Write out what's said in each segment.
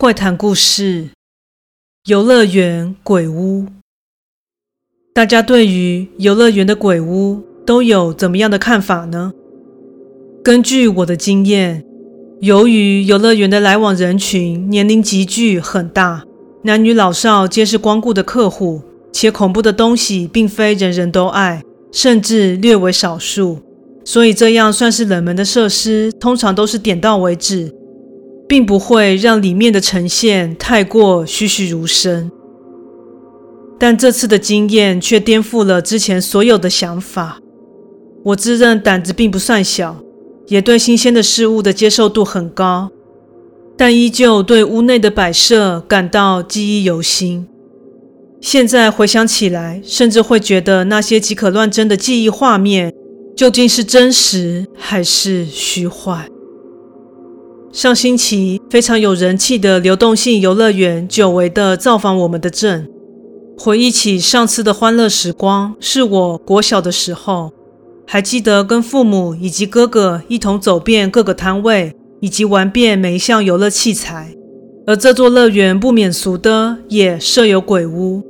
怪談故事：遊樂園鬼屋。大家對於遊樂園的鬼屋都有怎麼樣的看法呢？根據我的經驗，由於遊樂園的來往人群年齡級距很大，男女老少皆是光顧的客戶，且恐怖的東西並非人人都愛，甚至略為少數，所以這樣算是冷門的設施，通常都是點到為止。並不會讓裡面的呈現太過栩栩如生，但這次的經驗卻顛覆了之前所有的想法。我自認膽子並不算小，也對新鮮的事物的接受度很高，但依舊對屋內的擺設感到記憶猶新。現在回想起來，甚至會覺得那些幾可亂真的記憶畫面究竟是真實還是虛幻？上星期，非常有人氣的流動性遊樂園，久違的造訪我們的鎮。回憶起上次的歡樂時光，是我國小的時候，還記得跟父母以及哥哥一同走遍各個攤位，以及玩遍每一項遊樂器材。而這座樂園不免俗的也設有鬼屋，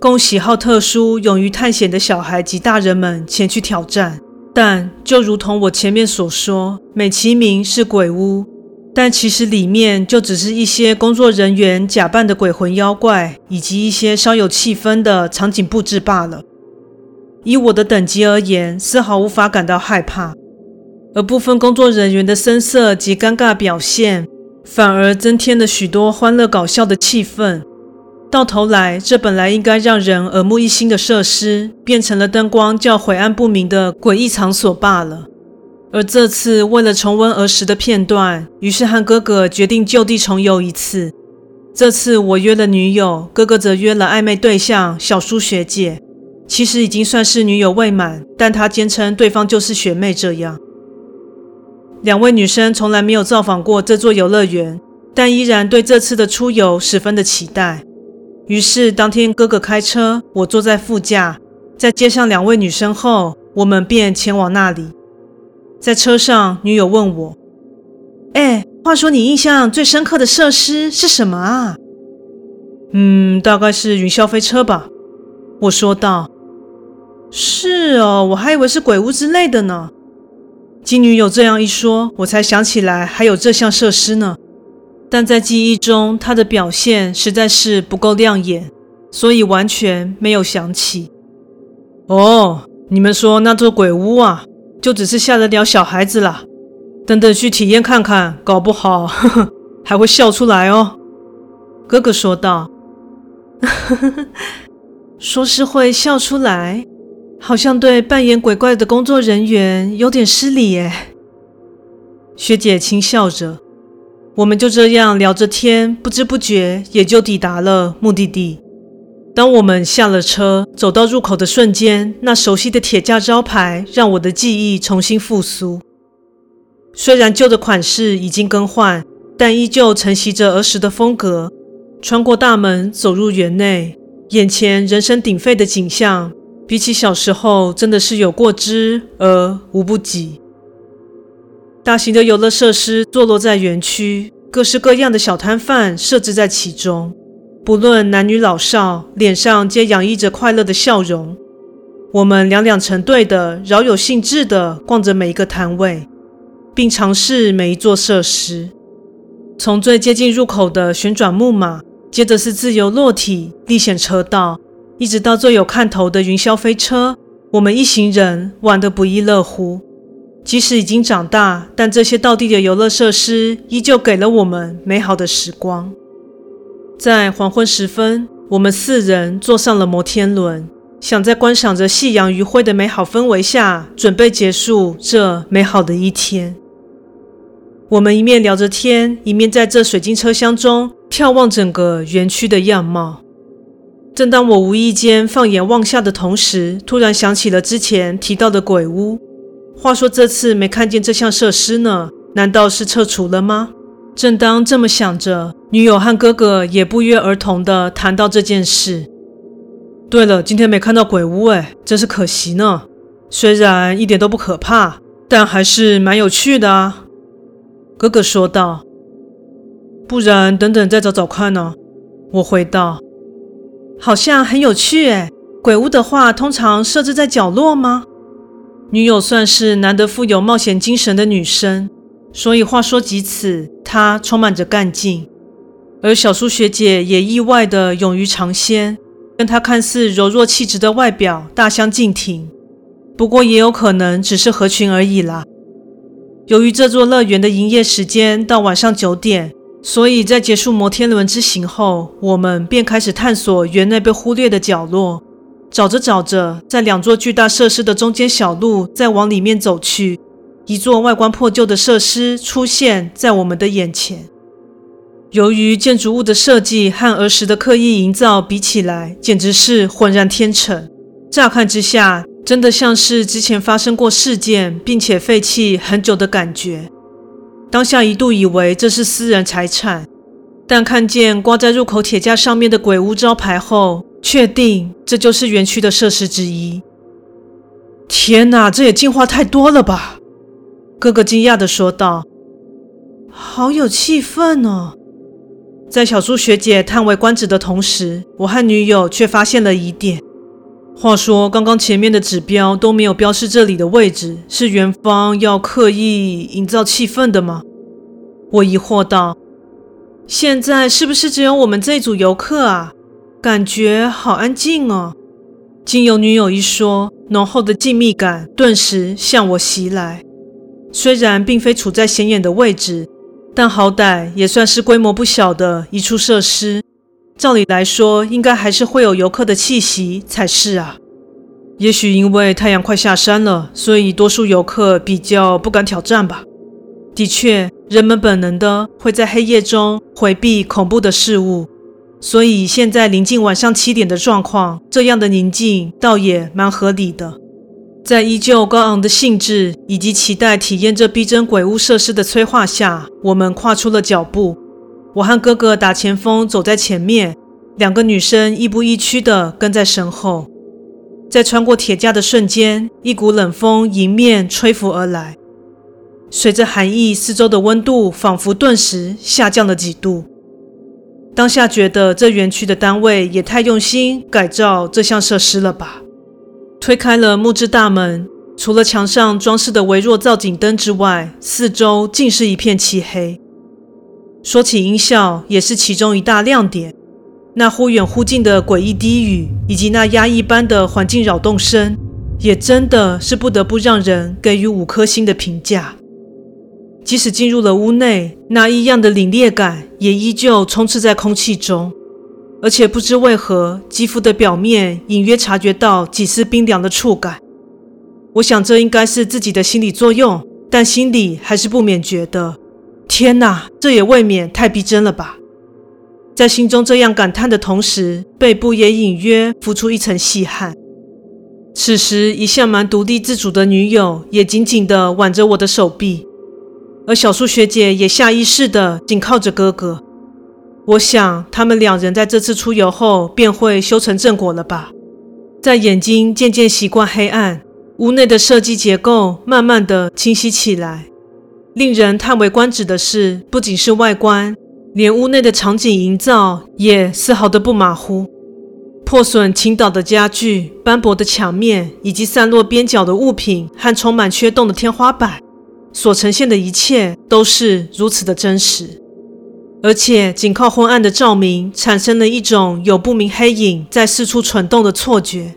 供喜好特殊、勇於探險的小孩及大人們前去挑戰。但就如同我前面所說，美其名是鬼屋。但其實裡面就只是一些工作人員假扮的鬼魂妖怪，以及一些稍有氣氛的場景布置罷了。以我的等級而言，絲毫無法感到害怕。而部分工作人員的聲色及尷尬表現，反而增添了許多歡樂搞笑的氣氛。到頭來，這本來應該讓人耳目一新的設施，變成了燈光較晦暗不明的詭異場所罷了。而這次為了重溫兒時的片段，於是和哥哥決定就地重遊一次。這次我約了女友，哥哥則約了曖昧對象，小舒學姐。其實已經算是女友未滿，但他堅稱對方就是學妹這樣。兩位女生從來沒有造訪過這座遊樂園，但依然對這次的出遊十分的期待。於是當天哥哥開車，我坐在副駕，在接上兩位女生後，我們便前往那裡。在車上，女友問我：“哎，話說你印象最深刻的設施是什麼啊？”“嗯，大概是雲霄飛車吧。”我說道。“是哦，我還以為是鬼屋之類的呢。”經女友這樣一說，我才想起來還有這項設施呢。但在記憶中，它的表現實在是不夠亮眼，所以完全沒有想起。哦，你們說那座鬼屋啊？就只是嚇得了小孩子啦，等等去體驗看看，搞不好呵呵還會笑出來哦。”哥哥說道，“ 說是會笑出來，好像對扮演鬼怪的工作人員有點失禮耶。學姐輕笑着，我們就這樣聊着天，不知不覺也就抵達了目的地。當我們下了車，走到入口的瞬間，那熟悉的鐵架招牌讓我的記憶重新復甦。雖然舊的款式已經更換，但依舊承襲着兒時的風格。穿過大門走入園內，眼前人聲鼎沸的景象，比起小時候真的是有過之而無不及。大型的遊樂設施坐落在園區，各式各樣的小攤販設置在其中。不論男女老少，臉上皆洋溢着快樂的笑容。我們兩兩成對的，饒有興致地逛着每一個攤位，並嘗試每一座設施。從最接近入口的旋轉木馬，接着是自由落體歷險車道，一直到最有看頭的雲霄飛車，我們一行人玩得不亦樂乎。即使已經長大，但這些道地的遊樂設施依舊給了我們美好的時光。在黃昏時分，我們四人坐上了摩天輪，想在觀賞着夕陽餘暉的美好氛圍下，準備結束這美好的一天。我們一面聊着天，一面在這水晶車廂中眺望整個園區的樣貌。正當我無意間放眼望下的同時，突然想起了之前提到的鬼屋。話說這次沒看見這項設施呢，難道是撤除了嗎？正當這麼想着，女友和哥哥也不約而同地談到這件事。對了，今天沒看到鬼屋，哎，真是可惜呢。雖然一點都不可怕，但還是蠻有趣的啊。哥哥說道。不然，等等再找找看呢、啊。我回道。好像很有趣，哎，鬼屋的話通常設置在角落嗎？女友算是難得富有冒險精神的女生，所以話說及此，她充滿着幹勁。而小蘇學姐也意外的勇於嘗鮮，跟她看似柔弱氣質的外表大相徑庭。不過也有可能只是合群而已啦。由於這座樂園的營業時間到晚上九點，所以在結束摩天輪之行後，我們便開始探索園內被忽略的角落。找着找着，在兩座巨大設施的中間小路再往裡面走去，一座外觀破舊的設施出現在我們的眼前。由於建築物的設計和兒時的刻意營造比起來，簡直是渾然天成。乍看之下，真的像是之前發生過事件並且廢棄很久的感覺。當下一度以為這是私人財產，但看見掛在入口鐵架上面的鬼屋招牌後，確定這就是園區的設施之一。天哪，這也進化太多了吧？哥哥驚訝地說道：“好有氣氛哦。”在小朱學姐嘆為觀止的同時，我和女友卻發現了疑點。話說，剛剛前面的指標都沒有標示這裡的位置，是園方要刻意營造氣氛的嗎？我疑惑道：“現在是不是只有我們這一組遊客啊？感覺好安靜哦。”經由女友一說，濃厚的靜謐感頓時向我襲來。雖然並非處在顯眼的位置。但好歹也算是規模不小的一處設施，照理來說應該還是會有遊客的氣息才是啊。也許因為太陽快下山了，所以多數遊客比較不敢挑戰吧。的確，人們本能的會在黑夜中回避恐怖的事物，所以現在臨近晚上七點的狀況，這樣的寧靜倒也蠻合理的。在依舊高昂的興致以及期待體驗這逼真鬼屋設施的催化下，我們跨出了腳步。我和哥哥打前鋒走在前面，兩個女生亦步亦趨地跟在身後。在穿過鐵架的瞬間，一股冷風迎面吹拂而來，隨着寒意，四周的溫度仿佛頓時下降了幾度。當下覺得這園區的單位也太用心改造這項設施了吧。推開了木質大門，除了牆上裝飾的微弱造景燈之外，四周盡是一片漆黑。說起音效，也是其中一大亮點。那忽遠忽近的詭異低語，以及那壓抑般的環境擾動聲，也真的是不得不讓人給予五顆星的評價。即使進入了屋內，那異樣的凜冽感也依舊充斥在空氣中。而且不知為何，肌膚的表面隱約察覺到幾絲冰涼的觸感。我想這應該是自己的心理作用，但心裡還是不免覺得：天哪，這也未免太逼真了吧！在心中這樣感嘆的同時，背部也隱約浮出一層細汗。此時，一向蠻獨立自主的女友也緊緊地輓着我的手臂，而小蘇學姐也下意識地緊靠着哥哥。我想，他們兩人在這次出遊後便會修成正果了吧？在眼睛漸漸習慣黑暗，屋內的設計結構慢慢的清晰起來。令人嘆為觀止的是，不僅是外觀，連屋內的場景營造也絲毫的不馬虎。破損傾倒的家具、斑駁的牆面，以及散落邊角的物品和充滿缺洞的天花板，所呈現的一切都是如此的真實。而且，僅靠昏暗的照明，產生了一種有不明黑影在四處蠢動的錯覺，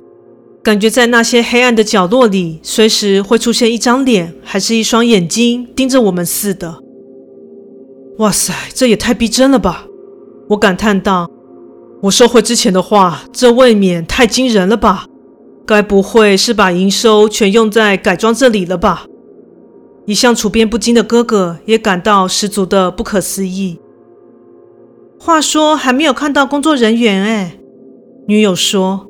感覺在那些黑暗的角落裡，隨時會出現一張臉，還是一雙眼睛盯着我們似的。哇塞，這也太逼真了吧！我感嘆道。我收回之前的話，這未免太驚人了吧？該不會是把營收全用在改裝這裡了吧？一向處變不驚的哥哥也感到十足的不可思議。話說還沒有看到工作人員哎，女友說：“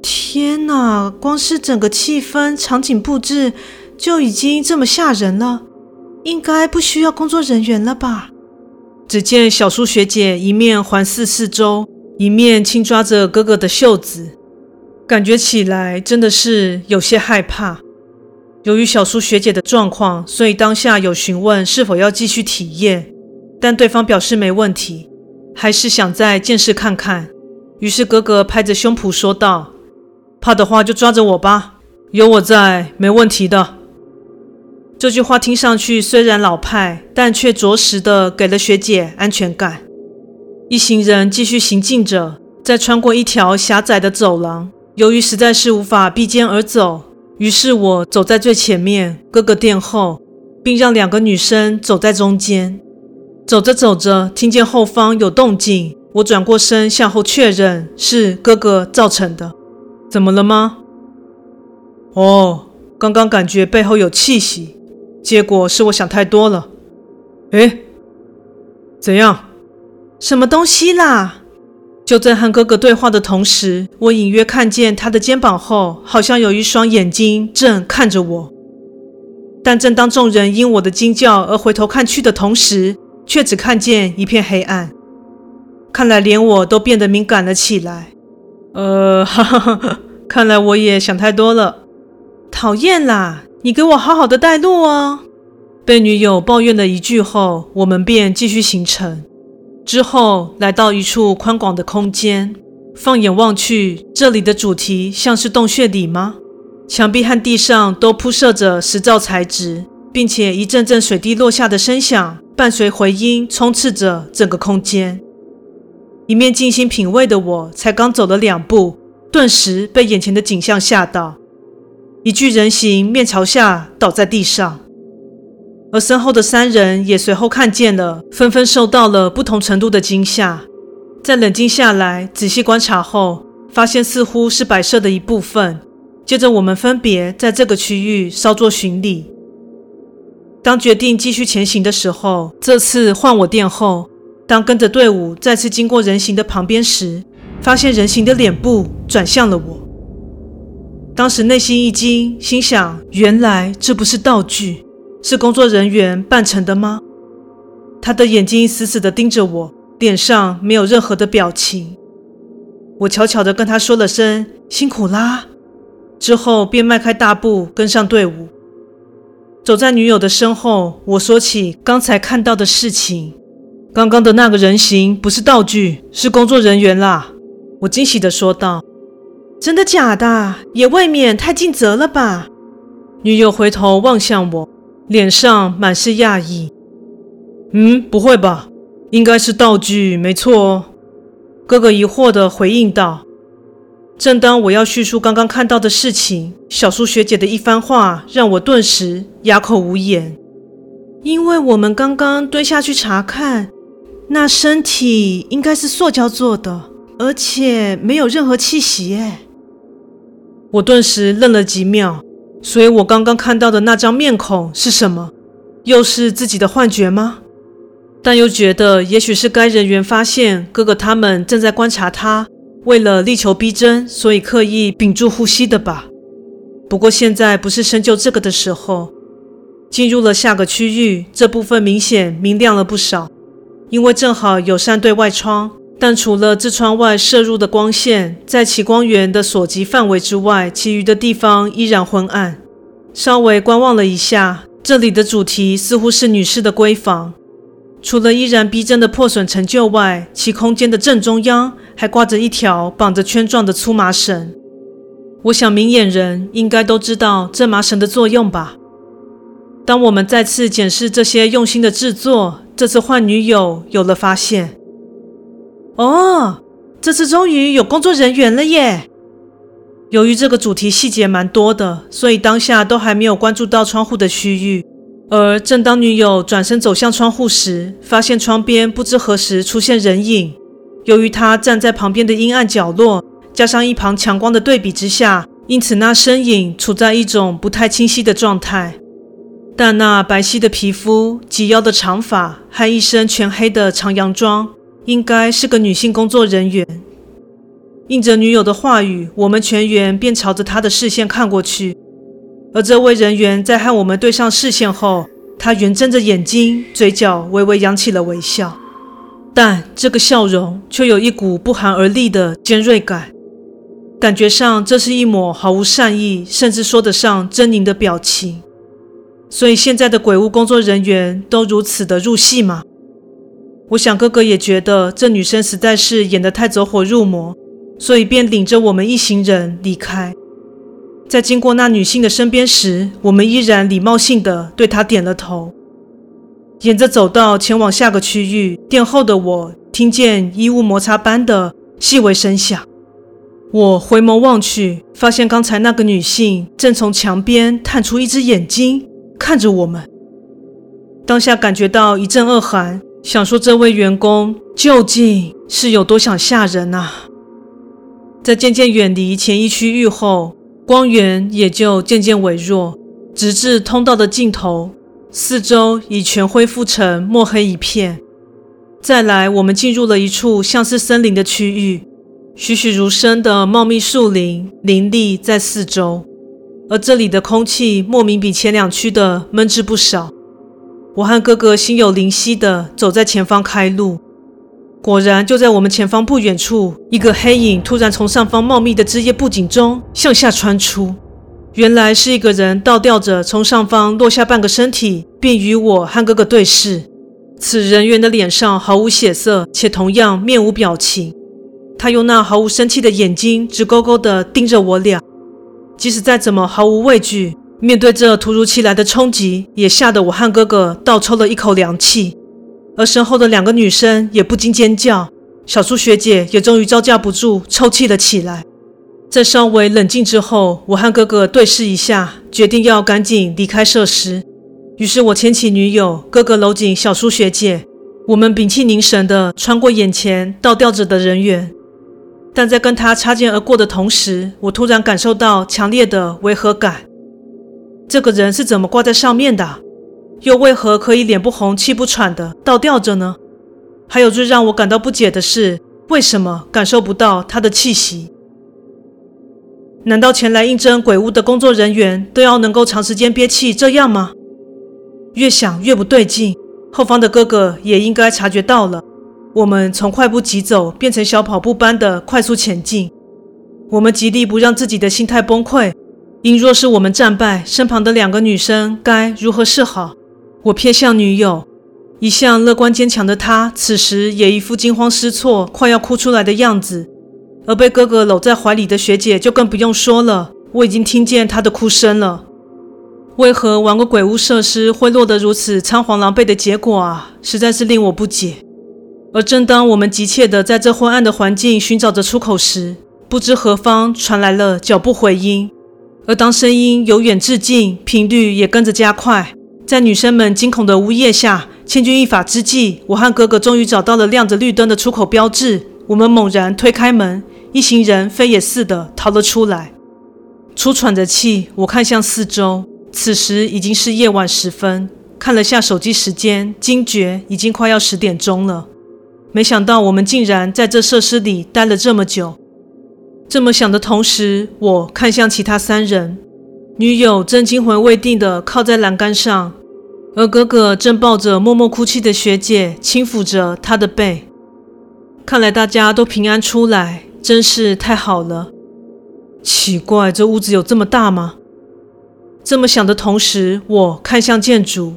天哪，光是整個氣氛、場景布置就已經這麼嚇人了，應該不需要工作人員了吧？”只見小蘇學姐一面環視四周，一面輕抓着哥哥的袖子，感覺起來真的是有些害怕。由於小蘇學姐的狀況，所以當下有詢問是否要繼續體驗。但對方表示沒問題，還是想再見識看看。於是哥哥拍着胸脯說道：“怕的話就抓着我吧，有我在，沒問題的。”這句話聽上去雖然老派，但卻着實的給了學姐安全感。一行人繼續行進着，在穿過一條狹窄的走廊，由於實在是無法並肩而走，於是我走在最前面，哥哥殿後，並讓兩個女生走在中間。走着走着，聽見後方有動靜，我轉過身向後確認，是哥哥造成的。怎麼了嗎？哦，剛剛感覺背後有氣息，結果是我想太多了。誒，怎樣？什麼東西啦？就在和哥哥對話的同時，我隱約看見他的肩膀後，好像有一雙眼睛正看着我。但正當眾人因我的驚叫而回頭看去的同時，卻只看見一片黑暗。看來連我都變得敏感了起來。呃，哈哈，看來我也想太多了。討厭啦！你給我好好的帶路哦。被女友抱怨了一句後，我們便繼續行程。之後來到一處寬廣的空間，放眼望去，這裡的主題像是洞穴裡嗎？牆壁和地上都鋪設着石造材質，並且一陣陣水滴落下的聲響。伴隨回音，充斥着整個空間，一面靜心品味的我，才剛走了兩步，頓時被眼前的景象嚇到。一具人形面朝下倒在地上，而身後的三人也隨後看見了，紛紛受到了不同程度的驚嚇。在冷靜下來仔細觀察後，發現似乎是擺設的一部分。接着，我們分別在這個區域稍作巡禮。當決定繼續前行的時候，這次換我墊後。當跟着隊伍再次經過人形的旁邊時，發現人形的臉部轉向了我。當時內心一驚，心想：原來這不是道具，是工作人員扮成的嗎？他的眼睛死死地盯着我，臉上沒有任何的表情。我悄悄地跟他說了聲“辛苦啦”，之後便邁開大步跟上隊伍。走在女友的身後，我說起剛才看到的事情：“剛剛的那個人形不是道具，是工作人員啦。”我驚喜地說道：“真的假的？也未免太盡責了吧？”女友回頭望向我，臉上滿是訝異：“嗯，不會吧？應該是道具，沒錯哦。”哥哥疑惑地回應道。正當我要敘述剛剛看到的事情，小蘇學姐的一番話讓我頓時啞口無言。因為我們剛剛蹲下去查看，那身體應該是塑膠做的，而且沒有任何氣息。哎，我頓時愣了幾秒。所以我剛剛看到的那張面孔是什麼？又是自己的幻覺嗎？但又覺得，也許是該人員發現哥哥他們正在觀察他。為了力求逼真，所以刻意屏住呼吸的吧。不過現在不是深究這個的時候。進入了下個區域，這部分明顯明亮了不少，因為正好有扇對外窗。但除了這窗外射入的光線，在其光源的所及範圍之外，其餘的地方依然昏暗。稍微觀望了一下，這裡的主題似乎是女士的閨房。除了依然逼真的破損陳舊外，其空間的正中央還掛着一條綁着圈狀的粗麻繩。我想，明眼人應該都知道這麻繩的作用吧？當我們再次檢視這些用心的製作，這次換女友有了發現。哦，這次終於有工作人員了耶！由於這個主題細節蠻多的，所以當下都還沒有關注到窗戶的區域。而正當女友轉身走向窗戶時，發現窗邊不知何時出現人影。由於她站在旁邊的陰暗角落，加上一旁強光的對比之下，因此那身影處在一種不太清晰的狀態。但那白皙的皮膚、及腰的長髮和一身全黑的長洋裝，應該是個女性工作人員。應着女友的話語，我們全員便朝着她的視線看過去。而這位人員在和我們對上視線後，她圓睜着眼睛，嘴角微微揚起了微笑，但這個笑容卻有一股不寒而慄的尖銳感，感覺上這是一抹毫無善意，甚至說得上猙獰的表情。所以現在的鬼屋工作人員都如此的入戲嗎？我想哥哥也覺得這女生實在是演得太走火入魔，所以便領着我們一行人離開。在經過那女性的身邊時，我們依然禮貌性地對她點了頭。沿着走道前往下個區域，殿後的我聽見衣物摩擦般的細微聲響。我回眸望去，發現剛才那個女性正從牆邊探出一隻眼睛看着我們。當下感覺到一陣惡寒，想說這位員工究竟是有多想嚇人啊！在漸漸遠離前一區域後，光源也就漸漸微弱，直至通道的盡頭，四周已全恢復成墨黑一片。再來，我們進入了一處像是森林的區域，栩栩如生的茂密樹林林立在四周，而這裡的空氣莫名比前兩區的悶滯不少。我和哥哥心有靈犀地走在前方開路。果然，就在我們前方不遠處，一個黑影突然從上方茂密的枝葉布景中向下穿出。原來是一個人倒吊着，從上方落下半個身體，並與我和哥哥對視。此人員的臉上毫無血色，且同樣面無表情。他用那毫無生氣的眼睛直勾勾地盯着我倆，即使再怎麼毫無畏懼，面對這突如其來的衝擊，也嚇得我和哥哥倒抽了一口涼氣。而身後的兩個女生也不禁尖叫，小蘇學姐也終於招架不住，抽泣了起來。在稍微冷靜之後，我和哥哥對視一下，決定要趕緊離開設施。於是，我牽起女友，哥哥摟緊小蘇學姐，我們屏氣凝神的穿過眼前倒吊着的人員。但在跟他擦肩而過的同時，我突然感受到強烈的違和感：這個人是怎麼掛在上面的？又為何可以臉不紅、氣不喘的倒吊着呢？還有最讓我感到不解的是，為什麼感受不到他的氣息？難道前來應徵鬼屋的工作人員都要能夠長時間憋氣這樣嗎？越想越不對勁，後方的哥哥也應該察覺到了。我們從快步疾走變成小跑步般的快速前進，我們極力不讓自己的心態崩潰，因若是我們戰敗，身旁的兩個女生該如何是好？我瞥向女友，一向樂觀堅強的她，此時也一副驚慌失措、快要哭出來的樣子。而被哥哥摟在懷裡的學姐就更不用說了，我已經聽見她的哭聲了。為何玩過鬼屋設施會落得如此倉皇狼狽的結果啊？實在是令我不解。而正當我們急切地在這昏暗的環境尋找着出口時，不知何方傳來了腳步回音，而當聲音由遠至近，頻率也跟着加快。在女生們驚恐的嗚咽下，千鈞一髮之際，我和哥哥終於找到了亮着綠燈的出口標誌。我們猛然推開門，一行人飛也似的逃了出來。出喘着氣，我看向四周，此時已經是夜晚時分。看了下手機時間，驚覺已經快要十點鐘了。沒想到我們竟然在這設施裡待了這麼久。這麼想的同時，我看向其他三人，女友正驚魂未定地靠在欄杆上。而哥哥正抱着默默哭泣的學姐，輕撫着她的背。看來大家都平安出來，真是太好了。奇怪，這屋子有這麼大嗎？這麼想的同時，我看向建築，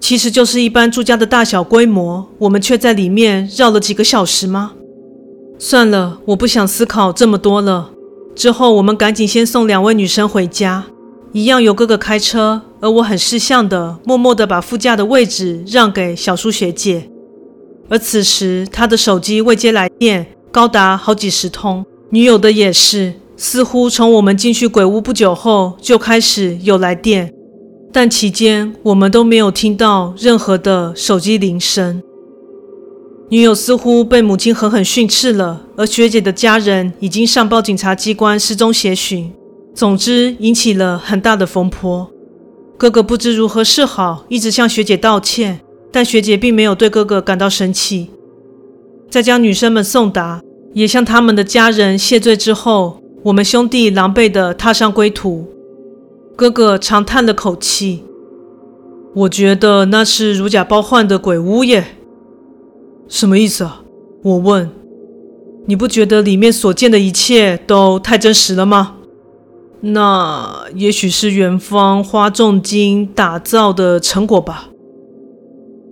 其實就是一般住家的大小規模，我們卻在裡面繞了幾個小時嗎？算了，我不想思考這麼多了。之後，我們趕緊先送兩位女生回家。一樣由哥哥開車，而我很識相的，默默地把副駕的位置讓給小叔學姐。而此時，她的手機未接來電高達好幾十通，女友的也是。似乎從我們進去鬼屋不久後就開始有來電，但期間我們都沒有聽到任何的手機鈴聲。女友似乎被母親狠狠訓斥了，而學姐的家人已經上報警察機關失蹤協尋。總之引起了很大的風波，哥哥不知如何是好，一直向學姐道歉，但學姐並沒有對哥哥感到生氣。在將女生們送達，也向他們的家人謝罪之後，我們兄弟狼狽的踏上歸途。哥哥長嘆了口氣：“我覺得那是如假包換的鬼屋耶。”什麼意思啊？我問。你不覺得裡面所見的一切都太真實了嗎？那也許是園方花重金打造的成果吧。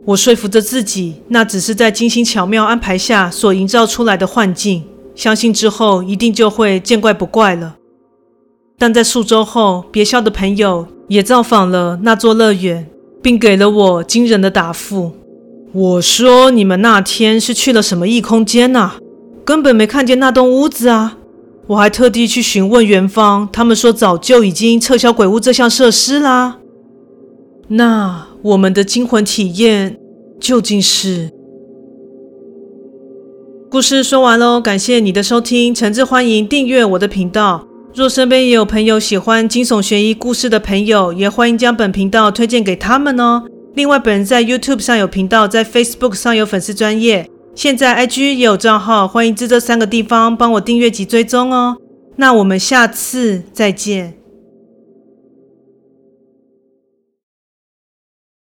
我說服着自己，那只是在精心巧妙安排下所營造出來的幻境，相信之後一定就會見怪不怪了。但在數周後，別校的朋友也造訪了那座樂園，並給了我驚人的答覆。我說：“你們那天是去了什麼異空間吶？根本沒看見那棟屋子啊！”我還特地去詢問園方，他們說早就已經撤銷鬼屋這項設施啦。那我們的驚魂體驗究竟是？故事說完嘍，感謝你的收聽，誠摯歡迎訂閱我的頻道。若身邊也有朋友喜歡驚悚懸疑故事的朋友，也歡迎將本頻道推薦給他們哦。另外，本人在 YouTube 上有頻道，在 Facebook 上有粉絲專頁。現在 IG 也有賬號，歡迎至這三個地方幫我訂閱及追蹤哦。那我們下次再見。